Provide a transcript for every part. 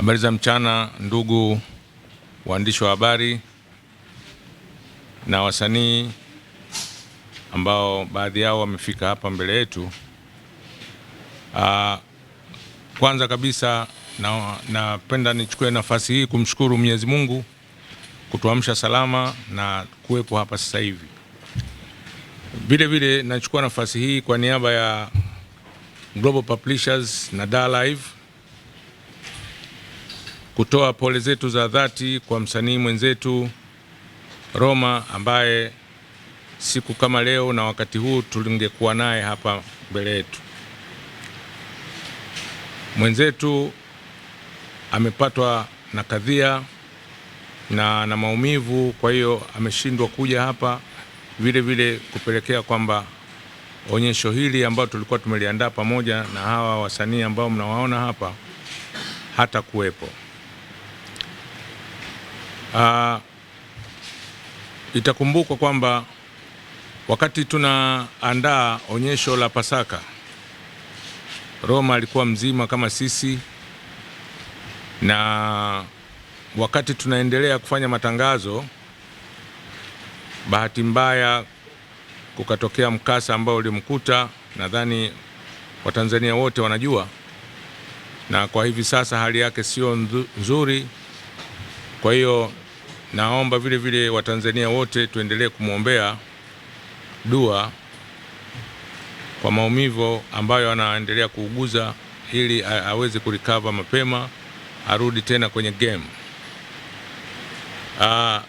Habari za mchana, ndugu waandishi wa habari na wasanii ambao baadhi yao wamefika hapa mbele yetu. Ah, kwanza kabisa napenda nichukue nafasi hii kumshukuru Mwenyezi Mungu kutuamsha salama na kuwepo hapa sasa hivi. Vile vile nachukua nafasi hii kwa niaba ya Global Publishers na Dar Live kutoa pole zetu za dhati kwa msanii mwenzetu Roma ambaye siku kama leo na wakati huu tulingekuwa naye hapa mbele yetu. Mwenzetu amepatwa na kadhia na na maumivu, kwa hiyo ameshindwa kuja hapa, vile vile kupelekea kwamba onyesho hili ambayo tulikuwa tumeliandaa pamoja na hawa wasanii ambao mnawaona hapa hata kuwepo. Uh, itakumbukwa kwamba wakati tunaandaa onyesho la Pasaka, Roma alikuwa mzima kama sisi, na wakati tunaendelea kufanya matangazo, bahati mbaya kukatokea mkasa ambao ulimkuta, nadhani Watanzania wote wanajua, na kwa hivi sasa hali yake sio nzuri kwa hiyo naomba vile vile Watanzania wote tuendelee kumwombea dua kwa maumivu ambayo anaendelea kuuguza ili aweze kurikava mapema arudi tena kwenye game. Ah,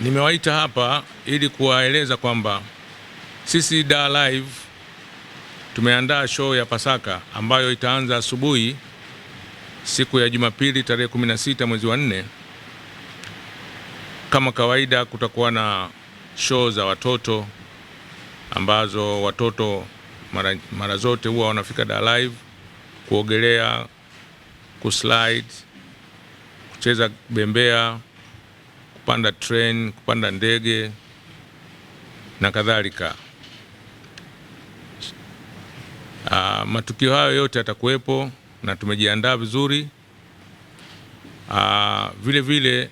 nimewaita hapa ili kuwaeleza kwamba sisi Da Live tumeandaa show ya Pasaka ambayo itaanza asubuhi siku ya Jumapili tarehe 16 mwezi wa kama kawaida, kutakuwa na show za watoto ambazo watoto mara, mara zote huwa wanafika Dar Live kuogelea, kuslide, kucheza bembea, kupanda train, kupanda ndege na kadhalika. Uh, matukio hayo yote yatakuwepo na tumejiandaa vizuri. Uh, vile vile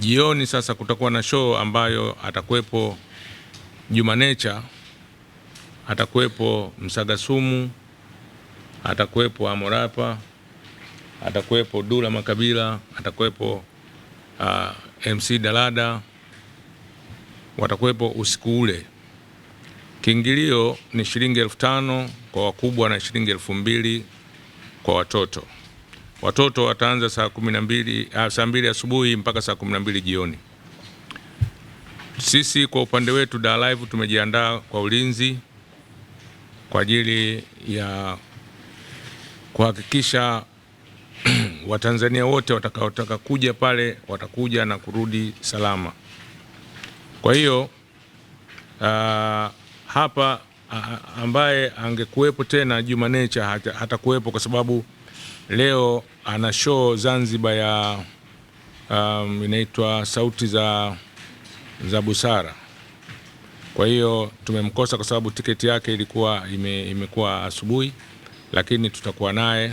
Jioni sasa kutakuwa na show ambayo atakuwepo Juma Nature, atakuwepo Msagasumu, atakuwepo Amorapa, atakuwepo Dula Makabila, atakuwepo uh, MC Dalada, watakuwepo usiku ule. Kiingilio ni shilingi elfu tano kwa wakubwa na shilingi elfu mbili kwa watoto. Watoto wataanza saa kumi na mbili ah, saa mbili asubuhi mpaka saa kumi na mbili jioni. Sisi kwa upande wetu Dar Live tumejiandaa kwa ulinzi kwa ajili ya kuhakikisha Watanzania wote watakaotaka kuja pale watakuja na kurudi salama. Kwa hiyo uh, hapa uh, ambaye angekuwepo tena Juma Nature hatakuwepo hata kwa sababu leo ana show Zanzibar ya um, inaitwa sauti za, za busara. Kwa hiyo tumemkosa kwa sababu tiketi yake ilikuwa ime, imekuwa asubuhi, lakini tutakuwa naye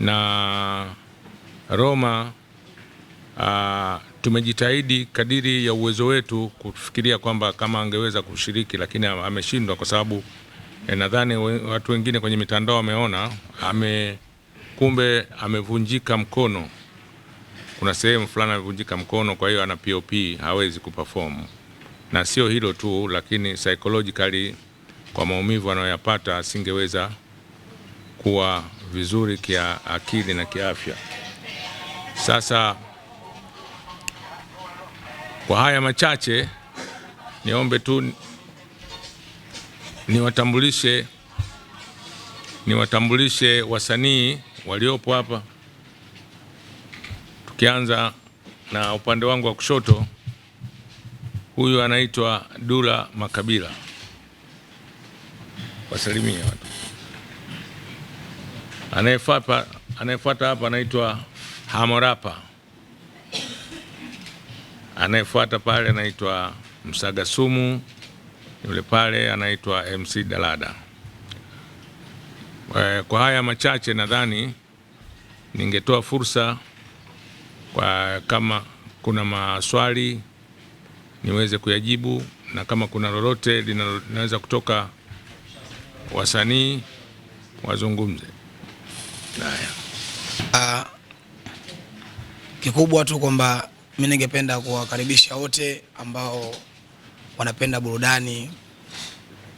na Roma. Uh, tumejitahidi kadiri ya uwezo wetu kufikiria kwamba kama angeweza kushiriki, lakini ameshindwa kwa sababu eh, nadhani watu wengine kwenye mitandao wameona ame kumbe amevunjika mkono, kuna sehemu fulani amevunjika mkono, kwa hiyo ana POP hawezi kuperform. Na sio hilo tu, lakini psychologically kwa maumivu anayoyapata asingeweza kuwa vizuri kia akili na kiafya. Sasa kwa haya machache, niombe tu niwatambulishe niwatambulishe wasanii waliopo hapa, tukianza na upande wangu wa kushoto, huyu anaitwa Dula Makabila. Wasalimia watu. Anayefuata anayefuata hapa anaitwa Hamorapa, anayefuata pale anaitwa msagasumu yule pale anaitwa MC Dalada. Eh, kwa haya machache, nadhani ningetoa fursa kwa kama kuna maswali niweze kuyajibu na kama kuna lolote linaweza kutoka wasanii wazungumze. Haya, ah, kikubwa tu kwamba mimi ningependa kuwakaribisha wote ambao wanapenda burudani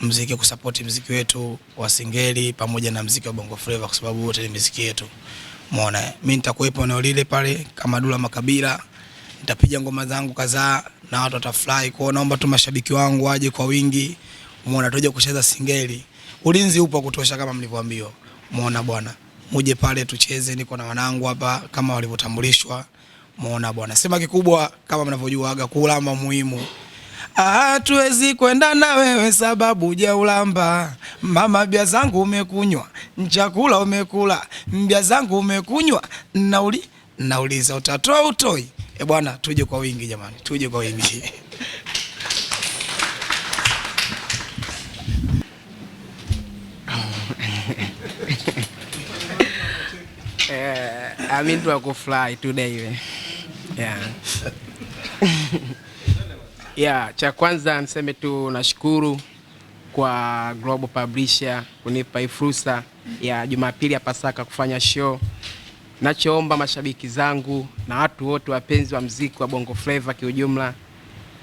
mziki kusapoti mziki wetu wa singeli pamoja na mziki wa Bongo Flava kwa sababu wote ni mziki yetu. Umeona, mimi nitakuwepo eneo lile pale kama Dula Makabila, nitapiga ngoma zangu kadhaa na watu watafurahi. Kwa naomba tu mashabiki wangu waje kwa wingi. Umeona, tuje kucheza singeli. Ulinzi upo kutosha kama mlivyoambiwa. Umeona bwana, muje pale tucheze, niko na wanangu hapa kama walivyotambulishwa. Umeona bwana, sema kikubwa kama mnavyojuaga, kulamba muhimu hatuwezi kwenda na wewe sababu ulamba Mama bia zangu umekunywa, nchakula umekula, mbia zangu umekunywa, nauli nauliza utatoa utoi? E bwana, tuje kwa wingi jamani, tuje kwa wingi. Eh, I mean to go fly today. Yeah. Yeah, cha kwanza niseme tu nashukuru kwa Global Publisher kunipa hii fursa ya Jumapili ya Pasaka kufanya show. Nachoomba mashabiki zangu na watu wote wapenzi wa mziki wa Bongo Flava kiujumla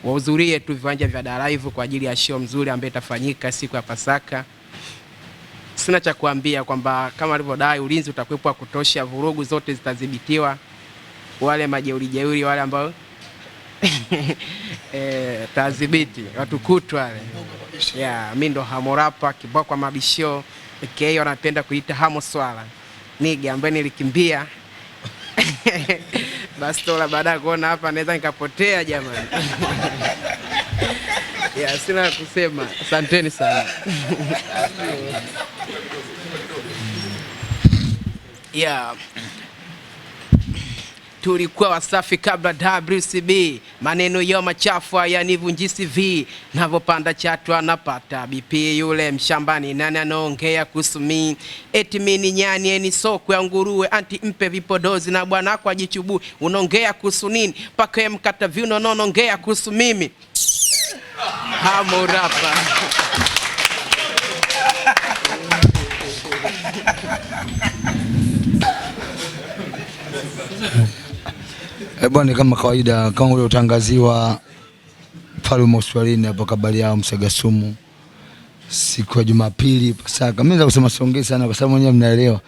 wahudhurie tu viwanja vya Daraivu kwa ajili ya show mzuri ambayo itafanyika siku ya Pasaka. Sina cha kuambia kwamba kama alivyodai, ulinzi utakuwepo wa kutosha, vurugu zote zitadhibitiwa, wale majeuri jeuri wale ambao e, eh, tazibiti watu kutwa yeah, mi ndo Hamorapa Kiboko mabisho aka wanapenda kuita Hamo Swala nige ambaye nilikimbia bastola baada ya kuona hapa naweza nikapotea jamani. yeah, sina kusema, asanteni sana yeah tulikuwa wasafi kabla WCB, maneno yao machafu hayanivunjisi CV, navyopanda chatu anapata BP. Yule mshambani nani anaongea kuhusu mimi? Eti mimi ni nyani eni soko ya nguruwe, anti mpe vipodozi na bwana wako ajichubue. Unaongea kuhusu nini? Mpaka mkata viuno naongea kuhusu mimi hamurapa Eh, bwana kama kawaida kama ule utangaziwa pale Australia hapo kabali yao Msagasumu siku ya Jumapili Pasaka. Mimi za kusema siongei sana kwa sababu mwenyewe mnaelewa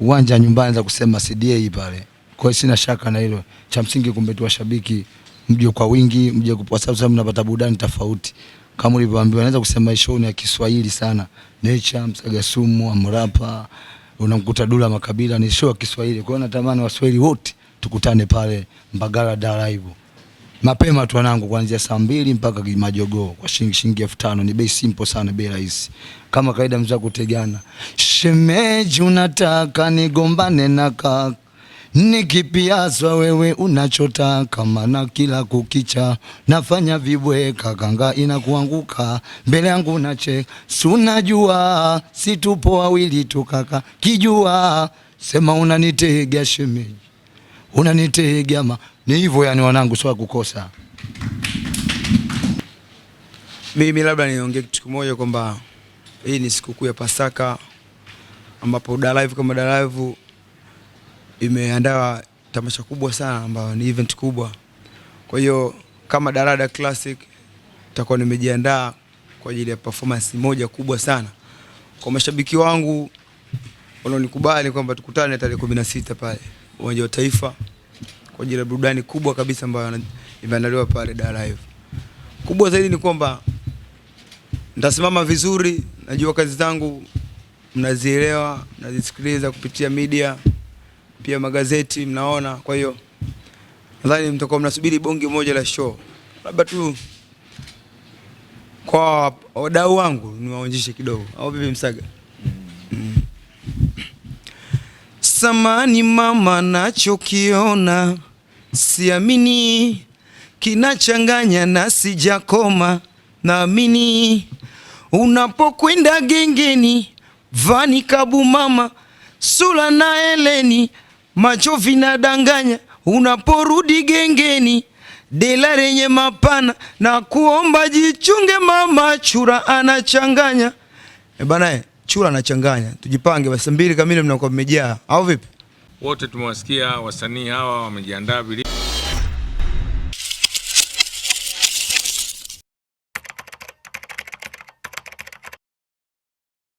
uwanja nyumbani za kusema CDA pale. Kwa hiyo sina shaka na hilo. Cha msingi kumbe tu washabiki mje kwa wingi, mje kwa sababu mnapata burudani tofauti. Kama ulivyoambiwa naweza kusema show ni ya Kiswahili sana. Nature, Msagasumu, Amrapa, unamkuta Dula Makabila ni show ya Kiswahili. Kwa hiyo natamani Waswahili wote tukutane pale Mbagala Daraibu mapema tu wanangu, kuanzia saa mbili mpaka majogoo kwa shilingi shilingi elfu tano. Ni bei simple sana, bei rahisi kama kawaida, mzee kutegana. Shemeji, unataka nigombane na kaka nikipiaswa wewe unachotaka, maana kila kukicha nafanya vibweka, kanga inakuanguka mbele yangu nache Sunajua situpo wawili tukaka kijua sema unanitega shemeji unanitegama. Ni hivyo yani, wanangu, sio kukosa. Mimi labda niongee kitu kimoja kwamba hii ni sikukuu ya Pasaka ambapo Da Live kama Da Live imeandaa tamasha kubwa sana ambayo ni event kubwa. Kwa hiyo kama Darada Classic nitakuwa nimejiandaa kwa ajili ya performance moja kubwa sana kwa mashabiki wangu wanaonikubali kwamba tukutane tarehe kumi na sita pale uwanja wa Taifa kwa ajili ya burudani kubwa kabisa ambayo imeandaliwa pale Dar Live. Kubwa zaidi ni kwamba nitasimama vizuri, najua kazi zangu mnazielewa, mnazisikiliza kupitia media pia magazeti mnaona. Kwa hiyo nadhani mtakuwa mnasubiri bonge moja la show, labda tu kwa wadau wangu niwaonjeshe kidogo, au vipi Msaga? samani mama, nachokiona siamini, kinachanganya na sijakoma, naamini unapokwenda gengeni, vani kabu mama, sula na eleni, macho vinadanganya, unaporudi gengeni dela lenye mapana na kuomba, jichunge mama, chura anachanganya ebanae Chula anachanganya, tujipange basi, mbili kamili mnakuwa mmejaa au vipi? Wote tumewasikia wasanii hawa wamejiandaa vilivyo.